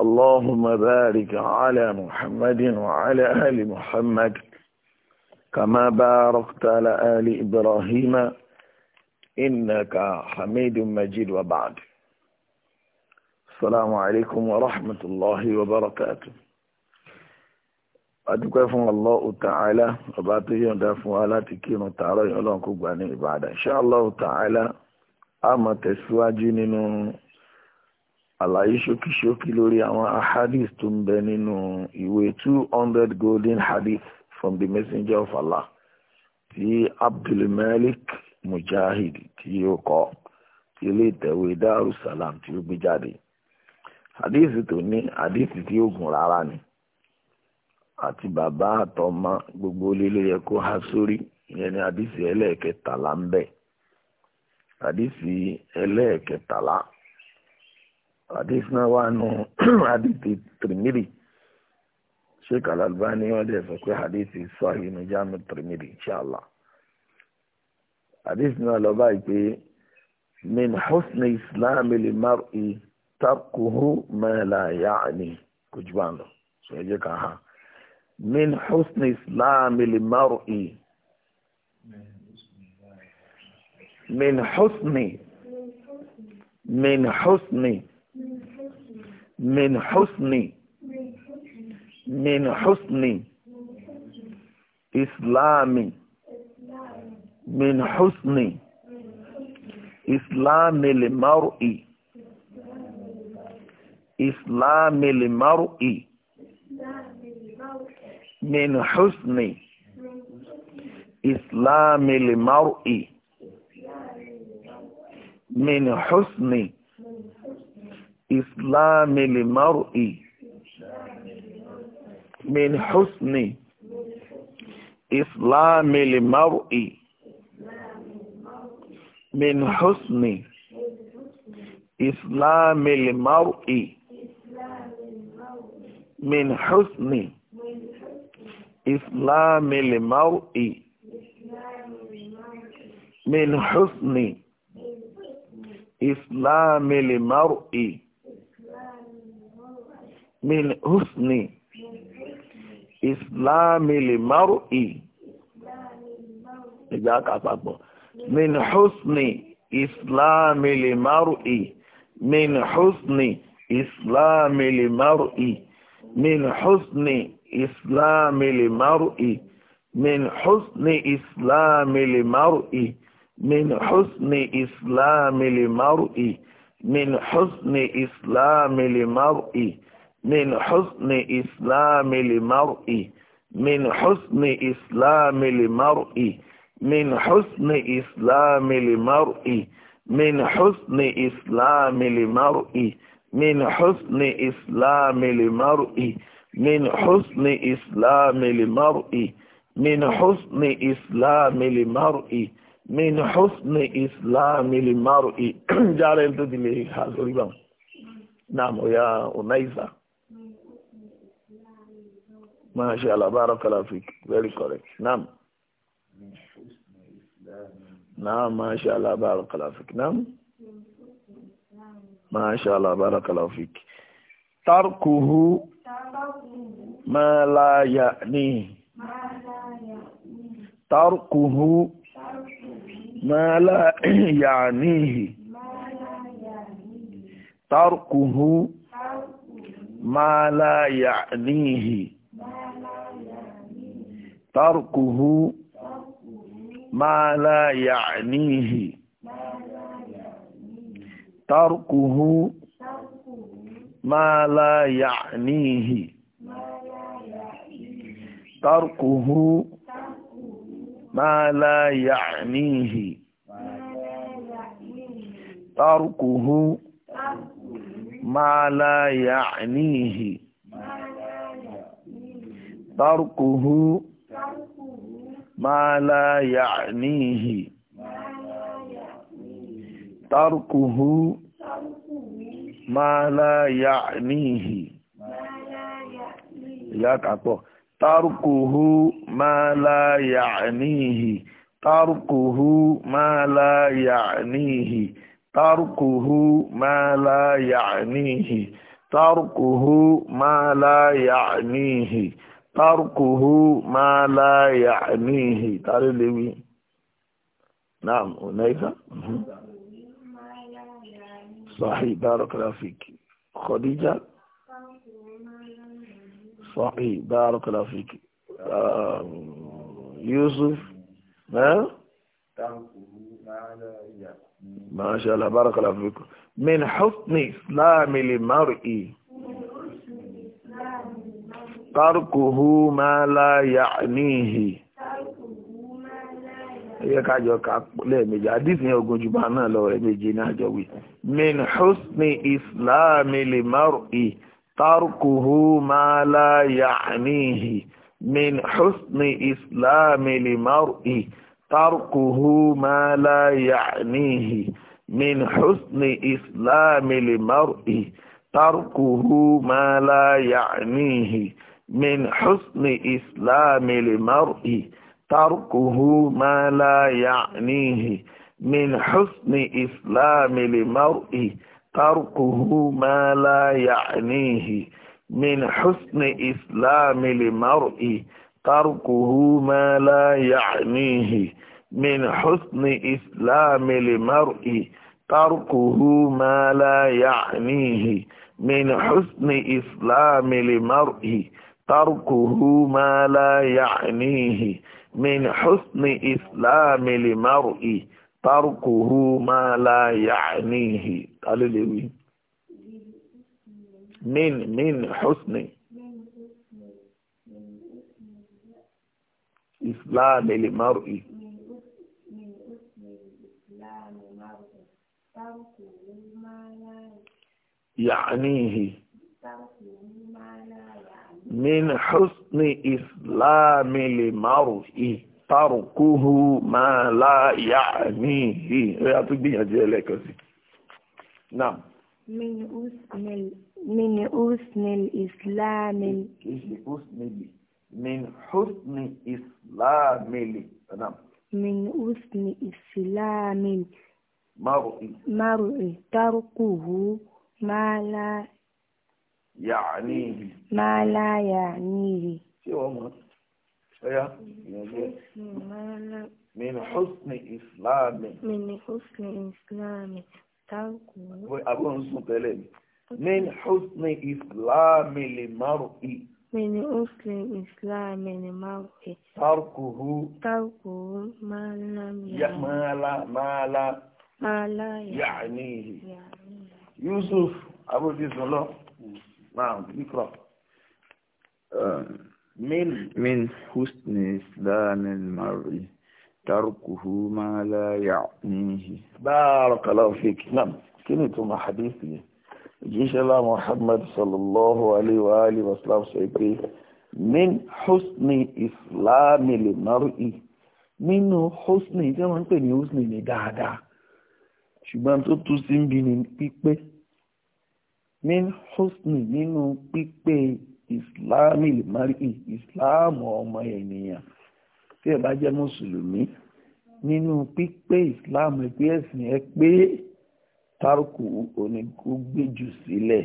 اللهم بارك على محمد وعلى آل محمد كما باركت على آل إبراهيم إنك حميد مجيد وبعد السلام عليكم ورحمة الله وبركاته أدوك فن الله تعالى وباتي يندف على تكين تعالى يلونك بني بعد إن شاء الله تعالى أما تسواجيني àlàyé ṣókíṣókí lórí àwọn ahadith tó ń bẹ nínú ìwé 200 golden hadith from the messenger of Allah ti abdulmalik mujahid tí ó kọ tí ilé ìtẹ̀wé darussalam tí ó gbé jáde hadith tó ní hadith tí ó gùn rárá ni àti bàbá àtọmọ gbogbo ilé ló yẹ kó há sórí ìyẹn ni hadith ẹlẹ́ẹ̀kẹtàlá ń bẹ hadith ẹlẹ́ẹ̀kẹtàlá. حديثنا وانه عبد الترمذي شيخ الالباني وده في حديثي صحيح من جامع ان شاء الله حديثنا لو بايك من حسن اسلام المرء تركه ما لا يعني كجبان له من حسن اسلام المرء من حسن من حسن من حسن من حسن إسلامي من حسن إسلام المرء إسلام المرء من حسن إسلام المرء من حسن إسلام المرء من حسن إسلام المرء من حسن إسلام المرء من حسن إسلام المرء من حسن إسلام المرء min husni islamil mar'i ìgbà àkàpàpọ̀ min husni islamil mar'i min husni islamil mar'i min husni islamil mar'i min husni islamil mar'i min husni islamil mar'i min husni islamil mar'i min husni islami limar'i min husni islami limar'i min husni islami limar'i min husni islami limar'i min husni islami limar'i min husni islami limar'i min husni islami limar'i min husni islami limar'i járe tó ti lè ha lórí bá wọn náà mo yá ọ̀nà ìsà. ما شاء الله بارك الله فيك very correct نعم نعم ما شاء الله بارك الله فيك نعم ما شاء الله بارك الله فيك تركه ما لا يعني تركه ما لا يعنيه تركه ما لا يعنيه tárùkùhù máa láyà níhì tárùkùhù máa láyà níhì tárùkùhù máa láyà níhì tárùkùhù ما لا يعنيه تركه ما لا يعنيه تركه ما لا يعنيه يا كابو تركه ما لا يعنيه تركه ما لا يعنيه تركه ما لا يعنيه تركه ما لا يعنيه تركه ما لا يعنيه تعالي لي نعم هناك صحيح بارك الله فيك خديجة صحيح بارك الله فيك يوسف ها ما شاء الله بارك الله فيك من حسن إسلام المرء tárùkùhù máa láyà níhì ẹgbẹ́ kájọ ká lẹ́ẹ̀mejì àdìsí yẹn ogun jùbá náà lọ rẹ̀ méje ní àjọwé min husni islami lè márùn-ún tárùkùhù máa láyà níhì min husni islami lè márùn-ún tárùkùhù máa láyà níhì min husni islami lè márùn-ún tárùkùhù máa láyà níhì min husni islami limar'i tarkuhu ma la ya'nihi min husni islami limar'i tarkuhu ma la ya'nihi min husni islami limar'i tarkuhu ma la ya'nihi min husni islami limar'i تركه ما لا يعنيه من حسن إسلام لمرء تركه ما لا يعنيه من حسن إسلام المرء تركه ما لا يعنيه قالوا لي من من حسن إسلام المرء يعنيه min husni islami lè márùn ì tàrùkúhù máa láyà ní ì ẹ̀yà tó gbìyànjú ẹlẹ́kan sí náà min husni min husni islami kìí husni min husni islami náà min husni islami márùn ì márùn ì ya'nihi. máa la ya'nihi. ṣé wọ́n mọ̀ ọ́yá ìyànjú ẹ̀. min husni islami. min husni islami. táǹkù. àbúrò ń sùn tẹ́lẹ̀ mi. min husni islami li mar'i. min husni islami li mar'i. tarkuhu. tarkuhu máa la ya'nihi. máa la máa la. máa la ya'nihi. yusuf abúlé sùn lọ. نعم اقرأ من من حسن إسلام المرء تركه ما لا يعنيه بارك الله فيك نعم كنتم حديثي جيش الله محمد صلى الله عليه وآله وسلم سيبري من حسن إسلام المرء من hosni tí wọ́n ń pè ní hosni ní dáadáa ṣùgbọ́n tó tú sí min husni nínú pípé ìsìláàmì mari Islam ọmọ ènìyàn tí ẹ bá jẹ́ mùsùlùmí nínú pípé ìsìláàmù ẹgbẹ́ ẹ̀sìn ẹ pé tárùkù oníkú gbéjù sílẹ̀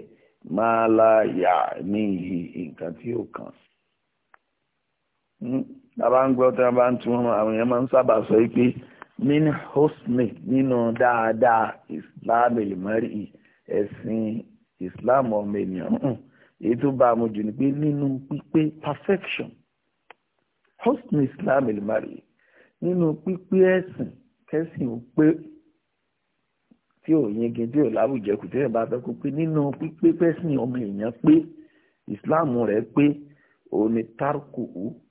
máa láyà ní ìhì nǹkan tí ó kàn bàbá hmm? ń gbọ́ tí wọ́n bá ń tún wọn àwọn èèyàn máa ń sábà sọ pé min husni nínú dáadáa ìsìláàmù mari ẹ̀sìn islam ọmọ ènìyàn èyí tó bá a mú jù ni pé nínú pípé perfection hosn islam elmari nínú pípé ẹ̀sìn kẹ́sìn ò pé tí ò yingin tí ò láwùjẹ kù tí ẹ̀ bá fẹ́ kó pé nínú pípé pẹ́sìn ọmọ èèyàn pé islam rẹ̀ pé òun ni tarku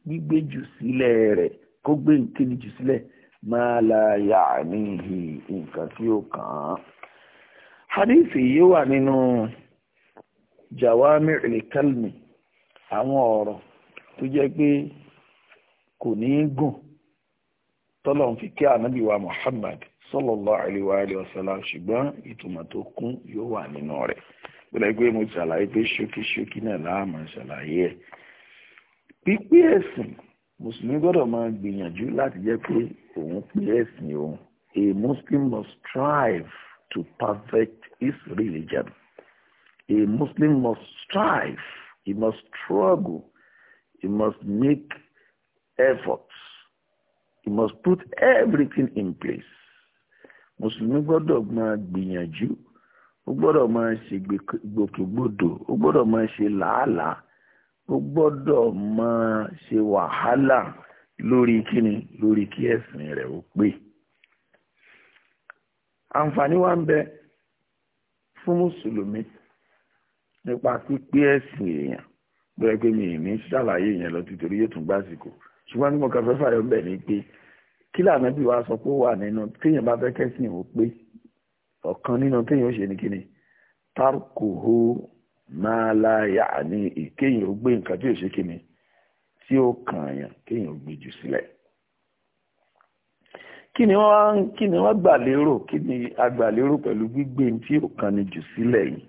gbígbé jù sílẹ̀ rẹ̀ kó gbé nǹkan jù sílẹ̀ máa la yà níhì nǹkan tí ó kàn án hadithi yìí wà nínú jawami'ul kalmi àwọn ọ̀rọ̀ tó jẹ́ pé kò ní gùn tọ́lọ̀n fi kí ànábì wa muhammad sallallahu alaihi wa alihi wasallam ṣùgbọ́n ìtumọ̀ tó kún yóò wà nínú rẹ̀ gbọ́dọ̀ pé mo ṣàlàyé pé ṣókíṣókí náà láàmú ṣàlàyé ẹ̀ pípé ẹ̀sìn mùsùlùmí gbọ́dọ̀ máa gbìyànjú láti jẹ́ pé òun pé ẹ̀sìn òun a muslim must strive to perfect his religion. A Muslim must strive, he must struggle, he must make efforts, he must put everything in place. Mùsùlùmí gbọ́dọ̀ máa gbìyànjú, ó gbọ́dọ̀ máa ṣe gbòkègbodò, ó gbọ́dọ̀ máa ṣe làálàá, ó gbọ́dọ̀ máa ṣe wàhálà lórí kíni lórí kí ẹ̀sìn rẹ̀ ó pé àǹfààní wa ń bẹ fún mùsùlùmí nípa pípé ẹ̀sìn èèyàn bẹ́ẹ̀ pé mi ní ṣàlàyé yẹn lọ títorí yóò tún gbásìkò ṣùgbọ́n ní mo kàn fẹ́ fàyọ̀ bẹ̀ ni pé kí lànàbí wa sọ pé ó wà nínú téèyàn bá fẹ́ kẹ́sìn ò pé ọ̀kan nínú téèyàn ó ṣe ní kíni tarkuhu máa láyà ní ìkéyìn ó gbé nǹkan tí ò ṣe kíni tí ó kàn yàn kéyìn ó gbé jù sílẹ̀ kí ni wọ́n kí ni wọ́n gbà kí ni a pẹ̀lú gbígbé tí ò kan ni jù sílẹ̀ yìí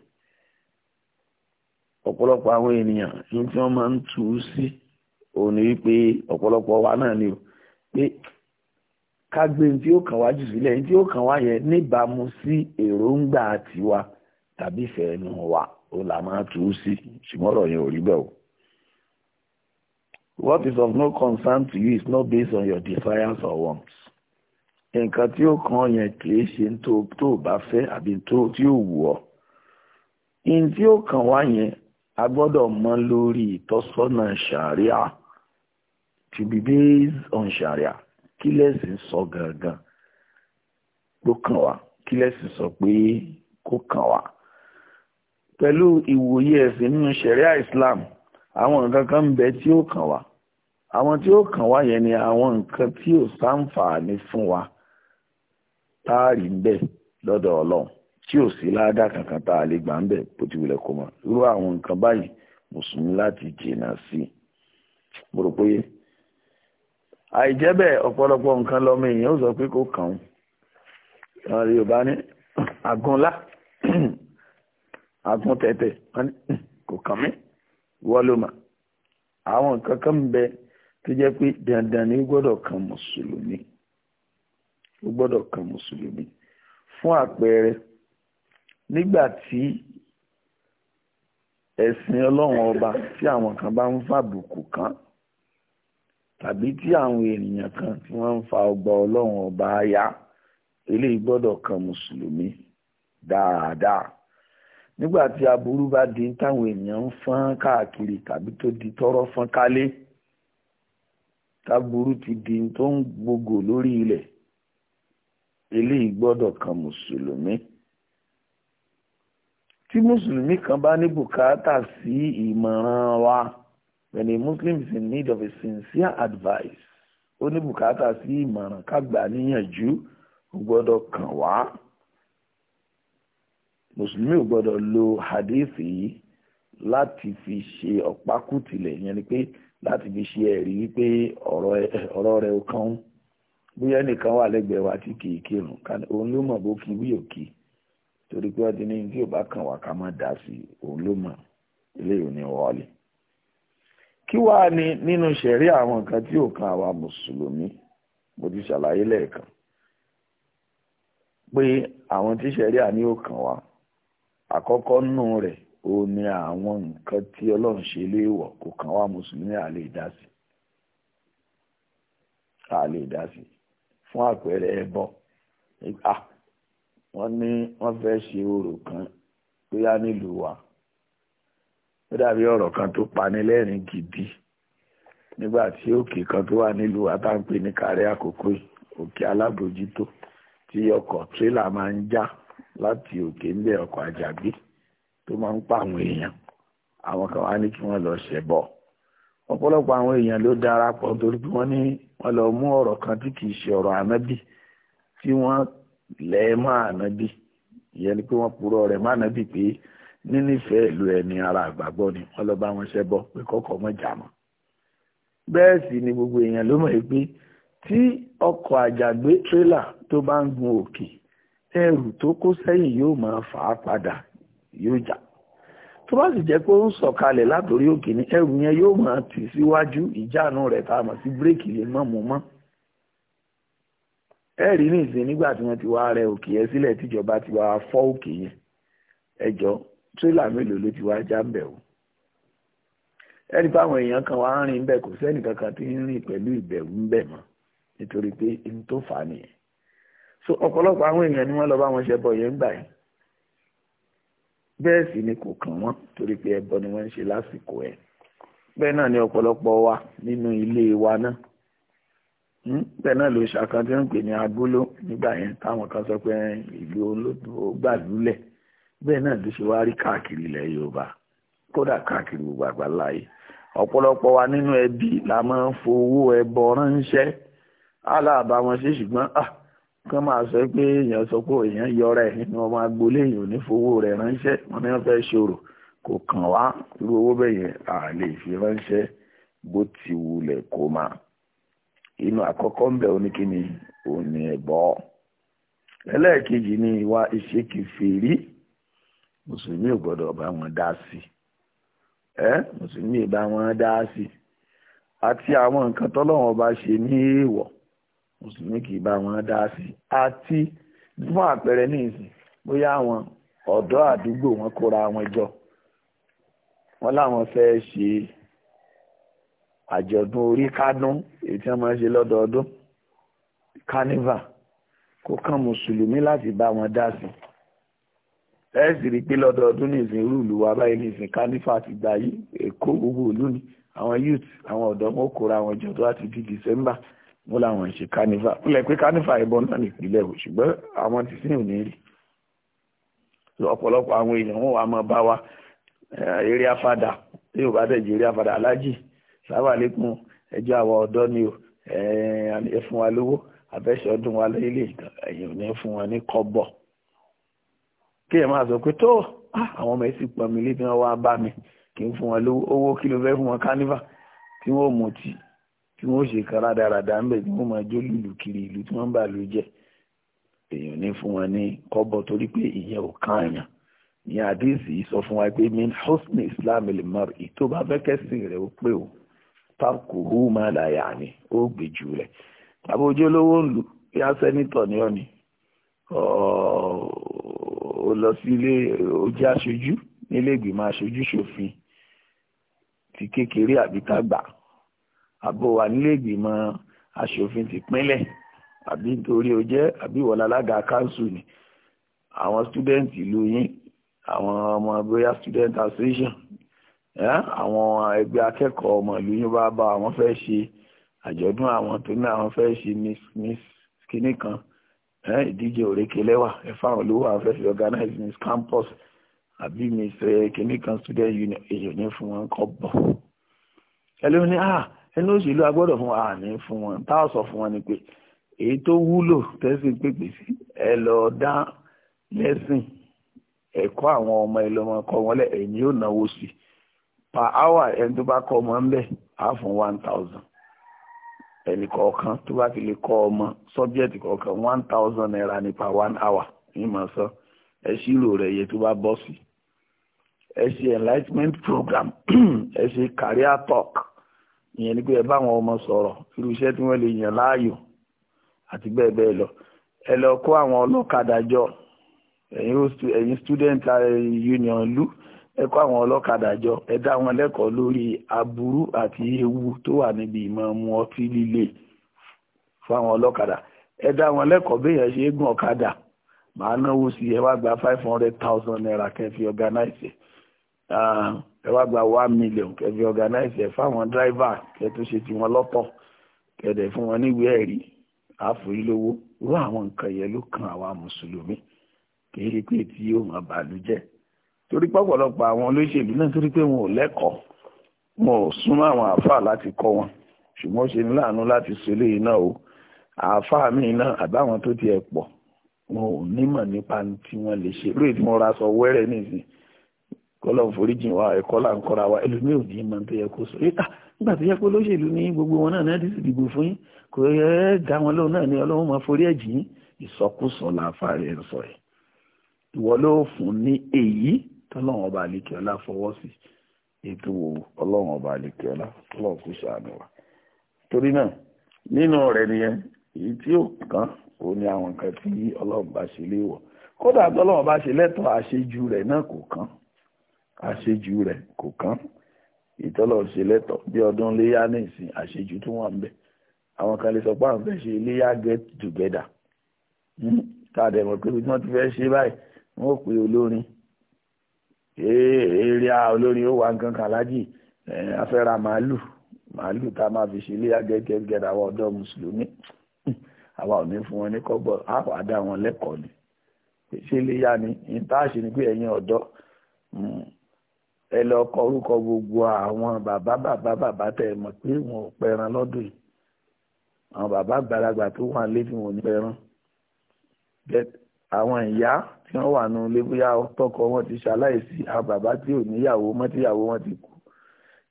ọ̀pọ̀lọpọ̀ àwọn ènìyàn ní tí wọ́n máa ń tù ú sí òun wípé ọ̀pọ̀lọpọ̀ wa náà ni o pé ká gbé tí ó kàn wá jù sílẹ̀ tí ó kàn wá yẹn níbàámu sí èròǹgbà tiwa tàbí ìfẹ́ wa ó là máa tù ú sí ṣùgbọ́n yẹn ò rí bẹ́ẹ̀ o. What is of no concern to you is not based on your desires or wants. nǹkan tí ó kàn yẹn kìí ṣe tó tó bá fẹ́ àbí tó tí ó wù ọ́ tí ó kàn wá yẹn a gbọ́dọ̀ mọ̀ lórí ìtọ́sọ́nà ṣàríà to be based on ṣàríà kí lẹ́sìn sọ gangan ló kàn wá kí lẹ́sìn sọ pé kó kàn wá pẹ̀lú ìwòye ẹ̀sìn nínú Islam àwọn nǹkan kan ń bẹ tí ó kàn wá àwọn tí ó kàn wá ni àwọn nǹkan tí ò sáǹfààní fún wa. tá a rí ń bẹ̀ lọ́dọ̀ ọlọ́run tí ò sí ládàá kankan tá a lè gbà ń bẹ̀ bó ti wulẹ̀ kó mọ̀ irú àwọn nǹkan báyìí mùsùlùmí láti jìnnà sí i mo rò pé àìjẹ́ bẹ́ẹ̀ ọ̀pọ̀lọpọ̀ nǹkan lọ́mọ èèyàn ó sọ pé kò kàn án yorùbá ní àgúnlá àgún tẹ̀tẹ̀ kò kàn mí wọ́n àwọn nǹkan kan ń bẹ tó jẹ́ pé dandan ni gbọ́dọ̀ kan mùsùlùmí ó gbọ́dọ̀ kan mùsùlùmí fún àpẹẹrẹ nígbà tí ẹ̀sìn ọlọ́run ọba tí àwọn kan bá ń fàbùkù kan tàbí tí àwọn ènìyàn kan tí wọ́n ń fa ọgbà ọlọ́run ọba ya eléyìí gbọ́dọ̀ kan mùsùlùmí dáadáa nígbà tí aburú bá di táwọn ènìyàn ń fọ́n káàkiri tàbí tó di tọ́rọ́ fọ́n kálé taburú ti di tó ń gbogbo lórí ilẹ̀ eléyìí gbọ́dọ̀ kan mùsùlùmí tí mùsùlùmí kan bá ní bùkátà sí ìmọ̀ràn wa when a muslim is in need of a sincere advice ó ní bùkátà sí ìmọ̀ràn ká gbà níyànjú ó gbọ́dọ̀ kàn wá mùsùlùmí ò gbọ́dọ̀ lo hadith yìí láti fi ṣe ọ̀pákùtìlẹ̀ yẹn ni pé láti fi ṣe ẹ̀rí wípé ọ̀rọ̀ rẹ̀ ó kàn ń. bóyá ẹnìkan wà wa tí kìí kírun òun ló mọ̀ bó kí wíyò kí torí pé ọdún ní tí ò bá kàn wá ká má dá sí òun ló mọ̀ eléyìí ní kí wàá ní nínú ṣẹ̀rí àwọn nǹkan tí ò kan àwa mùsùlùmí mo ti ṣàlàyé lẹ́ẹ̀kan pé àwọn tí ṣẹ̀rí àní ò kàn wá àkọ́kọ́ nù rẹ̀ àwọn nǹkan tí ọlọ́run ṣe kò fún àpẹẹrẹ ẹbọ ah, wọn ní wọn fẹ ṣe orò kan tó yá nílùú wa ó dàbí ọrọ kan tó pani lẹ́rìn gidi nígbà tí òkè kan tó wà nílùú wa tá à ń pè ní kàrí àkókò òkè alábòjútó tí ọkọ tírélà máa ń já láti òkè ńlẹ̀ ọkọ àjàgbé tó máa ń pa àwọn èèyàn àwọn kan wá ní kí wọn lọ ṣẹbọ. ọ̀pọ̀lọpọ̀ àwọn èèyàn ló darapọ̀ torí pé wọ́n ní wọ́n lọ mú ọ̀rọ̀ kan tí kì í ṣe ọ̀rọ̀ ànábì tí wọ́n lẹ̀ mọ́ ànábì ìyẹn ni pé wọ́n purọ́ rẹ̀ mọ́ ànábì pé nínífẹ̀ẹ́ ìlú ẹni ara àgbàgbọ́ ni wọ́n lọ bá wọn ṣẹbọ pé kọ́kọ́ mọ́ jà mọ́ bẹ́ẹ̀ sì ni gbogbo èèyàn ló mọ̀ pé tí ọkọ̀ àjàgbé tírélà tó bá ń gun òkè ẹrù tó kó sẹ́yìn yóò máa fà á padà yóò jà tó bá sì jẹ́ pé ó ń sọ̀kalẹ̀ látòrí òkè ní ẹrù yẹn yóò máa tì síwájú ìjánu rẹ̀ tá a mọ̀ sí bírèkì lè mọ̀ mọ́ mọ́ rẹ òkè yẹn sílẹ̀ tíjọba ti wá fọ́ òkè yẹn ẹjọ́ tírélà mélòó ló ti já ń bẹ̀ o èèyàn kan wá ń kò sẹ́nì kankan tí ń rìn pẹ̀lú ìbẹ̀rù ń bẹ̀ mọ́ nítorí pé n tó fà á nìyẹn so ọ̀pọ̀lọpọ̀ àwọn èèyàn ni wọ́n lọ bá wọn yẹn gbà bẹ́ẹ̀ sì ni kò kàn wọ́n torí pé ẹbọ ni wọ́n ń ṣe lásìkò ẹ̀ bẹ́ẹ̀ náà ni ọ̀pọ̀lọpọ̀ wa nínú ilé wa náà hmm? bẹ́ẹ̀ náà ló ṣàkan tí wọ́n ń pè ní agbóló nígbà yẹn táwọn kan sọ pé ìlú olódò gbàlúlẹ̀ bẹ́ẹ̀ náà ló ṣe wá káàkiri ilẹ̀ Yorùbá kódà káàkiri gbogbo àgbáláyé ọ̀pọ̀lọpọ̀ wa nínú ẹbí la máa ń fowó ẹbọ ránṣẹ́ aláàbá wọn ṣe ṣùgbọ́n ah kán máa sọ pé èèyàn sọ pé èèyàn yọra ẹ̀ nínú ọmọ agboolé èèyàn ò rẹ̀ ránṣẹ́ wọn ni wọ́n fẹ́ ṣòro kò kàn wá irú owó bẹ́ẹ̀ yẹn à lè fi ránṣẹ́ bó ti wulẹ̀ kó máa inú àkọ́kọ́ ń bẹ̀ oníkíni òní ẹ̀bọ ẹlẹ́ẹ̀kejì ni ìwà ìṣekèfèrí mùsùlùmí ò gbọ́dọ̀ bá wọn dá sí ẹ mùsùlùmí bá wọn dá sí àti àwọn nǹkan tọ́lọ́wọ́n bá ṣe ní èèwọ̀ mùsùlùmí kì í bá wọn dá sí àti fún àpẹẹrẹ ní ìsìn bóyá àwọn ọ̀dọ́ àdúgbò wọn kóra wọn jọ wọn láwọn fẹ́ ṣe àjọ̀dún orí kádún èyí tí wọ́n máa ń ṣe lọ́dọọdún kánífà kò kàn mùsùlùmí láti bá wọn dá sí ẹ sì rí i pé lọ́dọọdún ní ìsìn irú wa báyìí ní ìsìn kánífà ti gbà yí èkó gbogbo ìlú ni àwọn youth àwọn ọ̀dọ́ wọn kóra wọn jọ tó láti di December mo láwọn ń ṣe kánífà ó lẹ pé kánífà ìbọn náà nìpínlẹ̀ o ṣùgbọ́n àwọn ti sìn ò ní rí ọ̀pọ̀lọpọ̀ àwọn èèyàn wọn wà máa bá wa eh, eré afádà tí yóò bá tẹ̀jẹ̀ eré afádà alájì sábà lékún ẹjọ́ àwọn ọ̀dọ́ ni o eh, ẹ fún wa lówó àbẹ́sẹ̀ ọdún wa lélẹ̀ ẹ̀yìn ò ní fún wa ní kọ́bọ̀ kí ẹ máa sọ pé tó ah, àwọn ọmọ ẹ̀sìn pọ̀ mi lé bí wọ́n wá bá mi kí n fún wọn lówó owó kí ló fẹ́ fún wọn kánífà tí wọ́n mú ti tí wọ́n ṣe kan rádaràdà ń bẹ̀ tí wọ́n máa jó lùlù kiri ìlú tí wọ́n ń bà lù jẹ́ èèyàn ní fún wọn ní kọ́bọ̀ torí pé ìyẹn ò kàn ní àdéhìsì sọ fún wa pé min husni islam limar ìtò bá fẹ́ kẹ́sìn rẹ̀ ó pé o tarku hu ma la yaani ó gbè jù rẹ̀ tàbí ojú olówó ń lù yá sẹ́nitọ̀ ni ọ́ ni ó lọ sí ilé ojú aṣojú nílé ìgbìmọ̀ aṣojú ṣòfin ti kékeré àbí tá àbò wà nílé ìgbìmọ̀ asòfin tìpínlẹ̀ àbí nítorí o jẹ́ àbí ìwọ lálága káńsù ni àwọn student ìlú yín àwọn ọmọ bóyá student association àwọn ẹgbẹ́ akẹ́kọ̀ọ́ ọmọ ìlú yín bá bá àwọn fẹ́ ṣe àjọ̀dún àwọn tó ní àwọn fẹ́ ṣe miss kínní kan ìdíje òrékè lẹ́wà ẹ̀fọ́ àwọn olówó àwọn fẹ́ fi organize miss campus àbí miss kínní kan student union èyí ò ní fún wọn kọ́ bọ̀ ẹlẹ́wọ̀n ni ah ẹnu òṣèlú agbọ́dọ̀ fún wa ní fún wọn tá a sọ fún wọn ni pé èyí tó wúlò tẹ́sí pèpè sí ẹ lọ dá lẹ́sìn ẹ̀kọ́ àwọn ọmọ ẹlọmọ kọ wọn lẹ ẹ̀yìn yóò náwó sí per hour ẹni tó bá kọ́ ọmọ ń bẹ̀ á fún one thousand ẹnì kọ̀ọ̀kan tó bá fi lè kọ́ ọmọ subject kọ̀ọ̀kan one thousand naira ní per one hour ní mọ̀ sọ ẹ ṣírò rẹ̀ iye tó bá bọ́ sí ẹ ṣe enlightenment program ẹ ṣe career talk ìyẹn ni pé ẹ bá àwọn ọmọ sọ̀rọ̀ irú iṣẹ́ tí wọ́n lè yàn láàyò àti bẹ́ẹ̀ bẹ́ẹ̀ lọ ẹ lọ kó àwọn ọlọ́kadà jọ ẹ̀yin student union lu ẹ kó àwọn ọlọ́kadà jọ ẹ dá wọn lẹ́kọ̀ọ́ lórí aburú àti ewu tó wà níbi ìmọ̀ mu ọtí líle fún àwọn ọlọ́kadà ẹ dá wọn lẹ́kọ̀ọ́ béèyàn ṣe é gùn ọ̀kadà màá náwó sí ẹ wá gba five hundred thousand naira kẹ́ fi organize ẹ wá gba one million kẹfì organize ẹ fáwọn driver kẹ tó ṣe tiwọn lọ́tọ̀ kẹdẹ fún wọn níwèé ẹ̀rí àforílówó irú àwọn nǹkan yẹn ló kan àwa mùsùlùmí kì í ṣe pé tí yóò máa bàlújẹ́ torí pọ̀pọ̀lọpọ̀ àwọn olóṣèlú náà torí pé wọn ò lẹ́kọ̀ọ́ wọn ò súnmọ́ àwọn àáfàá láti kọ́ wọn ṣùgbọ́n ṣe ní láàánú láti ṣe eléyìí náà o àáfàá mi náà àbáwọn tó tiẹ̀ pọ̀ wọn ò nímọ̀ nípa tí wọ́n lè ṣe lóye tí wọ́n ra sọ wẹ́rẹ́ nísìnyí kọ́lọ̀ foríjì wa ẹ̀kọ́ là ń kọ́ra wa ẹlòmíì ò ní mọ̀ tó yẹ kó sọ yíká ah, nígbà tó yẹ kó lóṣèlú ní gbogbo wọn náà náà sì dìbò fún yín kò yẹ ẹ́ dá wọn lóhùn náà ni ọlọ́run máa forí ẹ̀jì yín ìsọkúsọ láǹfààní ẹ̀ ń sọ ẹ̀ ìwọ ló fún ní èyí tọ́lọ́run ọba àlekè ọlá fọwọ́ sí ètò ọlọ́run ọba àlekè ọlá ọlọ́run kò ṣàánú wa torí náà nínú rẹ̀ nìyẹn èyí tí ó kàn ó ní àwọn nǹkan tí ọlọ́run bá kàn àṣejù rẹ̀ kò kán ìtọ́lọ̀ ṣe lẹ́tọ̀ bí ọdún léyà ní ìsìn àṣejù tún wà ń bẹ̀ àwọn kan lè sọ pé àwọn fẹ́ ṣe léyà get together hmm. tá a dẹ̀ mọ̀ pé bí wọ́n ti fẹ́ ṣe báyìí wọ́n pè olórin eré olórin ó wà nǹkan kan lájì afẹ́ra màálù màálù tá a máa fi ṣe léyà get together àwọn ọ̀dọ́ mùsùlùmí àwa ò ní fún wọn ní kọ́bọ̀ á wàá dá wọn lẹ́kọ̀ọ́ ni ṣé léyà ni ìtaàṣì ni pé ẹ̀yin ọ̀dọ́ hmm ẹ lọ kọ orúkọ gbogbo àwọn bàbá bàbá bàbá tẹ ẹ mọ̀ pé wọn ò pẹran lọ́dún yìí àwọn bàbá àgbàlagbà tó wà létí wọn ò ní pẹran àwọn ìyá tí wọ́n wà nù lé bóyá tọkọ wọn ti ṣaláìsí àwọn bàbá tí ò níyàwó mọ́ tíyàwó wọn ti kú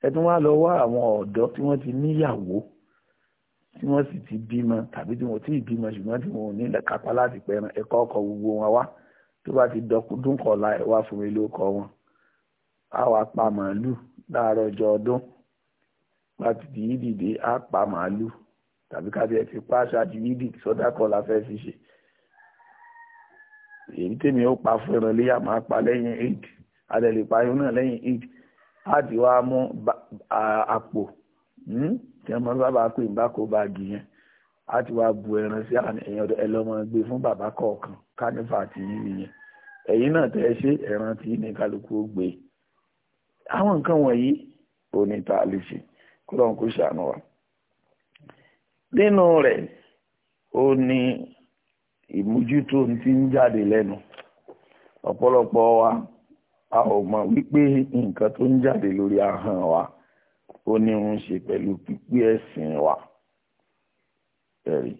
ẹ tún wá lọ wá àwọn ọ̀dọ́ tí wọ́n ti níyàwó tí wọ́n sì ti bímọ tàbí tí wọ́n ti bímọ ṣùgbọ́n tí wọ́n ò ní kápá láti pẹran ẹ̀kọ́ ọkọ̀ gbogbo wọn wá tó bá ti dúnkọ̀ọ́lá ẹ̀ wá fún mi ló wọn a wá pa màálù láàárọ̀ ọjọ́ ọdún láti di ìdìde a pa màálù tàbí kábí ẹ ti pa aṣáájú yídì sọdá kan la fẹ́ fi ṣe èyí tèmi ó pa fún ẹran léyà máa pa lẹ́yìn eid adẹ̀lẹ̀ payọ́ náà lẹ́yìn eid láti wá mú àpò hmm, tí wọ́n sábà pè ń bá kó báàgì yẹn láti wá bu ẹran sí èèyàn ẹlọ́mọ gbé fún bàbá kọ̀ọ̀kan kánífà àti yìí nìyẹn ẹ̀yìn náà tẹ́ ṣe ẹran tí ní kálukú ó gbé e àwọn nǹkan wọ̀nyí ò ní ta lè ṣe kó lọ́n kó ṣàánú wa nínú rẹ̀ ó ní ìmójútó tí ń jáde lẹ́nu ọ̀pọ̀lọpọ̀ wa a ò mọ̀ wípé nǹkan tó ń jáde lórí ahọ́n wa ó ní ń ṣe pẹ̀lú pípé ẹ̀sìn wa ẹ̀rí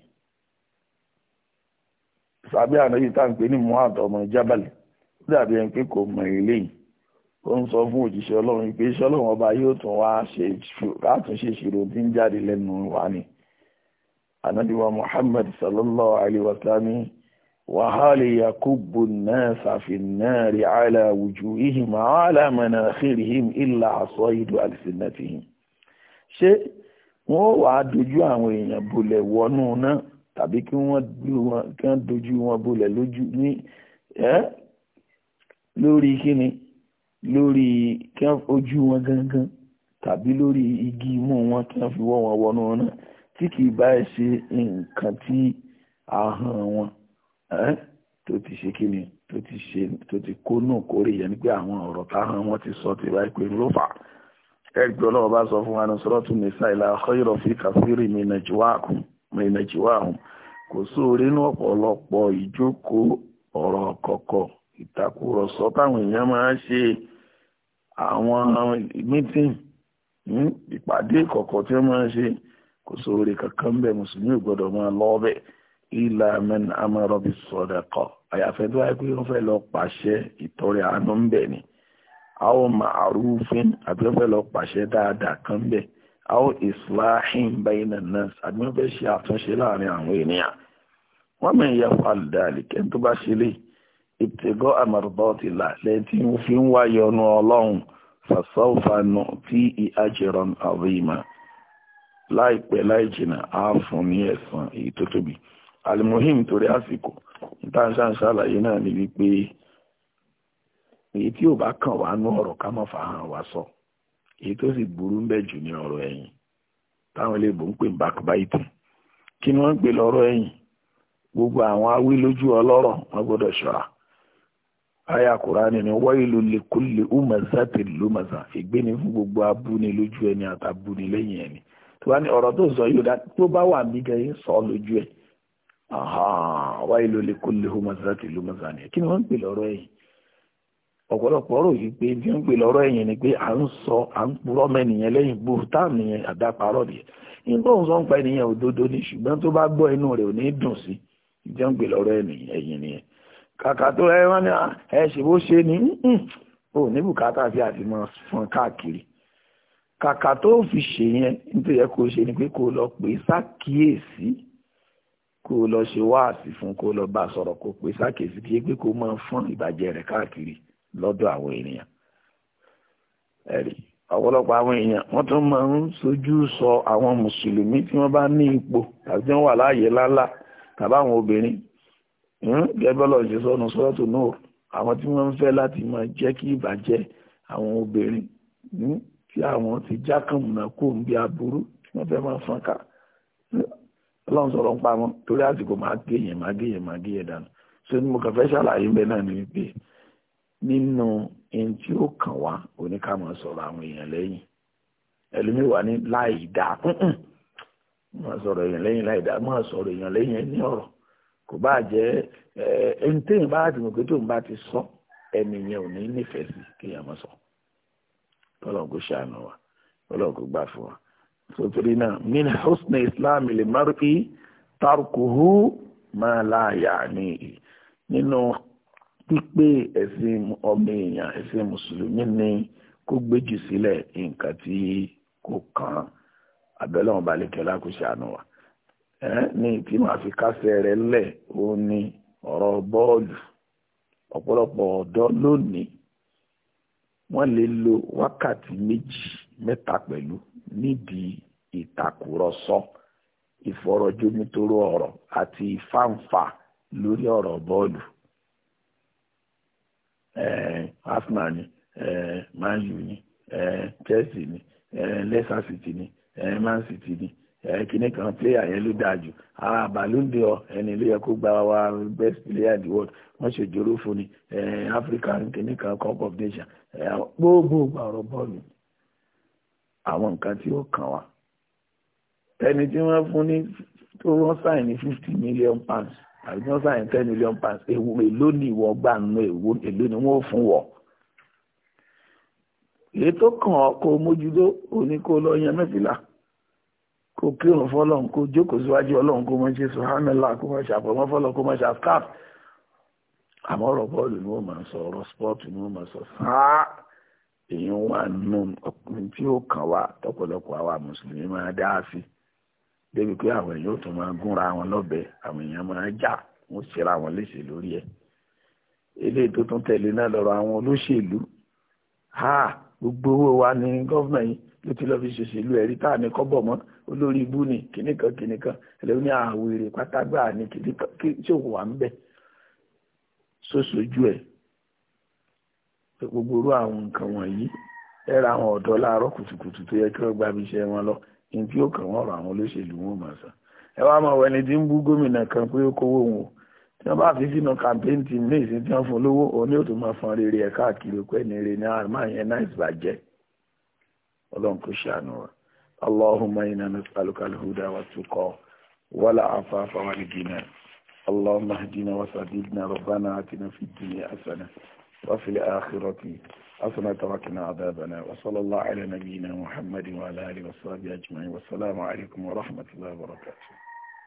sàbí ànáyí tá à ń pè ní muhammed ọmọ jábàlì ó dàbí ẹni pé kò mọ eléyìí ó ń sọ fún òjíṣẹ́ ọlọ́run pé iṣẹ́ ọlọ́run ọba yóò tún wá ṣe àtúnṣe ìṣirò tí ń jáde lẹ́nu wa ni anabiwa muhammad sallallahu alaihi wa sallam wàhálì yakubu náà sàfin náà rí àlà wujuhihim àlà manakhirihim ìlà àṣọ ìdù alsinatihim ṣé wọ́n wàá dojú àwọn èèyàn bolẹ̀ wọnú náà tàbí kí wọ́n dojú wọn bolẹ̀ lójú ní lórí kíni lórí ojú wọn gangan tàbí lórí igi imú wọn tí wọ́n fi wọ́ wọn wọnú wọn náà tí kì í bá ẹ ṣe nǹkan tí ahọ́n wọn tó ti ṣe kí ni tó ti ṣe tó ti kó náà kórè yẹn ni pé àwọn ọ̀rọ̀ táwọn wọn ti sọ ti wáyé pé ló fà á ẹgbẹ́ ọlọ́wọ́ bá sọ fún wa ní sọ́rọ́tún nìsa ìlà khayra fi kàfírì mìnàjíwáhùn kò sóore ní ọ̀pọ̀lọpọ̀ ìjókòó ọ̀rọ̀ kọ̀kọ̀ ìtàkùrọ̀sọ táwọn èèyàn máa ń ṣe àwọn mítìn hmm, ìpàdé ìkọ̀kọ̀ tí wọ́n máa ń ṣe kò sóore kankan bẹ́ẹ̀ mùsùlùmí ò gbọ́dọ̀ máa lọ bẹ́ẹ̀ ilà mẹ́n amárọ́bí sọ̀dẹ̀kọ̀ àyàfẹ́ tó wáyé pé wọ́n fẹ́ lọ pàṣẹ ìtọrẹ àánú ń bẹ̀ ni àwọn màrúfin àbí wọ́n fẹ́ lọ pàṣẹ dáadáa kan ń bẹ̀ àwọn islahin bayna nas àbí wọ́n fẹ́ ṣe àtúnṣe láàrin àwọn ènìyàn wọ́n mẹ́rin yẹ àlìkẹ́ tó bá ṣe léyìí ìtẹ̀gọ́ àmàrúdọ́tìlà lẹ́tí ń fi ń wá yọnu ọlọ́run fàṣọ́fàánù tí ìhàjẹ̀rọ̀ àwìmá láìpẹ́ láìjìnà á fún ní ẹ̀san èyí tó tóbi alimuhim torí àsìkò ṣàlàyé náà ni wípé èyí tí ò bá kàn wá nú ọ̀rọ̀ ká má fàhàn wá sọ èyí tó sì burú ń bẹ jù ní ọ̀rọ̀ ẹ̀yìn táwọn iléèbó ń pè ní kí ni wọ́n ń pè lọ́rọ̀ ẹ̀yìn gbogbo àwọn awí lójú ọlọ́rọ̀ wọ́n gbọ́dọ̀ aya kurani ni wáyìlú lèkúlè umazà tèlú mazà ìgbéni fún gbogbo abúni lójú ẹni àtàbúni lẹ́yìn ẹni tó bá ní ọ̀rọ̀ tó sọ yóò dá tó bá wà mí gan yín sọ lójú ẹ wáyìlú lèkúlè umazà tèlú mazà ni kí ni wọ́n ń pè lọ́rọ̀ ẹ̀yìn ọ̀pọ̀lọpọ̀ ọ̀rọ̀ yìí pé tí ń pè lọ́rọ̀ ẹ̀yìn ni pé à ń sọ à ń purọ́ mẹ́nìyàn lẹ́yìn bhutan nìyẹn àdáparọ́ nìyẹn nígbà òun sọ ń pa ènìyàn òdodo ni ṣùgbọ́n tó bá gbọ́ inú rẹ̀ ò ní dùn sí ìjẹun pè lọ́rọ̀ ẹ̀yìn nìyẹn kàkà tó ẹ wọ́n ní ah, ẹ ṣe bó ṣe ní ò ní bùkátà sí àti mọ́ fún káàkiri kàkà tó fi ṣe yẹn nítorí ẹ kò ṣe ni pé kó lọ pè sákìyèsí kó lọ ṣe wáàsí fún kó lọ bá sọ̀rọ̀ kó pè sákìyèsí kí pé kó máa fún ìbàjẹ́ rẹ̀ káàkiri lọ́dọ̀ àwọn ènìyàn ẹ̀rí ọ̀pọ̀lọpọ̀ àwọn èèyàn wọ́n tún máa ń sojú sọ àwọn mùsùlùmí tí wọ́n bá ní ipò tàbí wọ́n wà láàyè lálá tàbí àwọn obìnrin Hmm? gẹ́gbẹ́ lọ́ọ́ sọ sọ́nu sọ́ọ̀tù náà àwọn tí wọ́n ń fẹ́ láti máa jẹ́ kí ìbàjẹ́ àwọn obìnrin hmm, tí àwọn ti jákàmùnà kó ń bí aburú tí wọ́n fẹ́ máa fọ́n ká hmm? ọlọ́run sọ̀rọ̀ ń pa wọn torí àsìkò máa máa máa dànù ṣé ni mo kàn fẹ́ ṣàlàyé ń bẹ náà ni wípé nínú ẹni tí sọ̀rọ̀ àwọn èèyàn lẹ́yìn kò bá jẹ́ ẹni téèyàn bá ti mọ̀ pé bá ti sọ ẹni yẹn ò ní nífẹ̀ẹ́ sí kéèyàn mọ̀ sọ kò ṣàánú wa tọ́lọ̀ kò gbà fún wa náà min islam lè tarkuhu máa láàyà ní nínú pípé ẹ̀sìn ọmọ èèyàn ẹ̀sìn mùsùlùmí ni kó sílẹ̀ nǹkan tí kò kàn án abẹ́lẹ́ Ni tí màá fi kásẹ̀ rẹ̀ lẹ̀ ó ní ọ̀rọ̀ bọ́ọ̀lù ọ̀pọ̀lọpọ̀ ọ̀dọ́ lónìí wọ́n lè lo wákàtí méjì mẹ́ta pẹ̀lú nídìí ìtàkùrọ̀sọ ìfọ̀rọ̀jomitoro ọ̀rọ̀ àti ìfáǹfà lórí ọ̀rọ̀ bọ́ọ̀lù Arsenal ni Man U ni Chelsea ni Leicester City ni Man City ni kíní kan player yẹn ló dáa jù ara balloon ọ ẹni ló yẹ kó gba wa best player di world wọ́n ṣe jòrò fún ni Africa kíní kan cup of nation gbogbo ọ̀rọ̀ bọ́ọ̀lù àwọn nǹkan tí ó kàn wá ẹni tí wọ́n fún ní tó wọ́n sáìn ní fifty million pounds àbí tí wọ́n sáìn ten million pounds èló ni ìwọ gbà nù èló ni wọ́n fún wọ èyí tó kàn ọ́ kó mójútó òní kó lọ yan mẹ́fìlà kó kírun fọ́lọ́n kó jókòó síwájú ọlọ́run kó máa ṣe sùhánàlá kó máa ṣàfọ̀mọ́ fọ́lọ́n kó máa ṣàfkáf àmọ́ ọ̀rọ̀ bọ́ọ̀lù ni wọ́n máa ń sọ ọ̀rọ̀ spọ́ọ̀tù ni wọ́n máa sọ sáà èyí wà nù ọkùnrin tí ó kàn wá tọ̀pọ̀lọpọ̀ àwa mùsùlùmí máa dá sí débi pé àwọn èèyàn ò tún máa gúnra wọn lọ́bẹ àwọn èèyàn máa jà wọ́n ṣera wọn léṣe lórí ẹ̀ eléyìí tó tún tẹ̀lé náà lọ́rọ̀ àwọn olóṣèlú ha gbogbo owó wa ní gọ́fìnà yìí ló ti lọ́ọ́ fi ṣòṣèlú ẹ̀rí tá à ní kọ́bọ̀ mọ́ olórí ibú ni kìnìkan kìnìkan ẹlẹ́wọ̀n ní àwèrè pátágbà ni kìnìkan tí òun wà ń bẹ̀ sóṣojú ẹ̀ gbogbo irú àwọn nǹkan wọ̀nyí ẹ ra àwọn ọ̀dọ́ láàárọ̀ kùtùkùtù tó yẹ kí wọ́n gbabi iṣẹ́ wọn lọ ní tí ó kàn wọ́n rọ àwọn olóṣèlú wọn mọ̀ sàn ẹ wá mọ̀ ẹni tí ń bú gómìnà kan pé ó kówó òun tí wọ́n bá fi sínú campaign team ní ìsìn tí wọ́n fún lówó òun ni ó tún máa fọn rere ẹ̀ káàkiri pẹ́ ní rere ní àmọ́ àyẹn náà ìbàjẹ́ ọlọ́run kò ṣàánú wa. اللهم إنا نسألك الهدى والتقى والعفاف والغنى اللهم اهدنا وسددنا ربنا آتنا في الدنيا حسنة وفي الآخرة حسنة وقنا عذابنا وصلى الله على نبينا محمد وعلى آله وصحبه أجمعين والسلام عليكم ورحمة الله وبركاته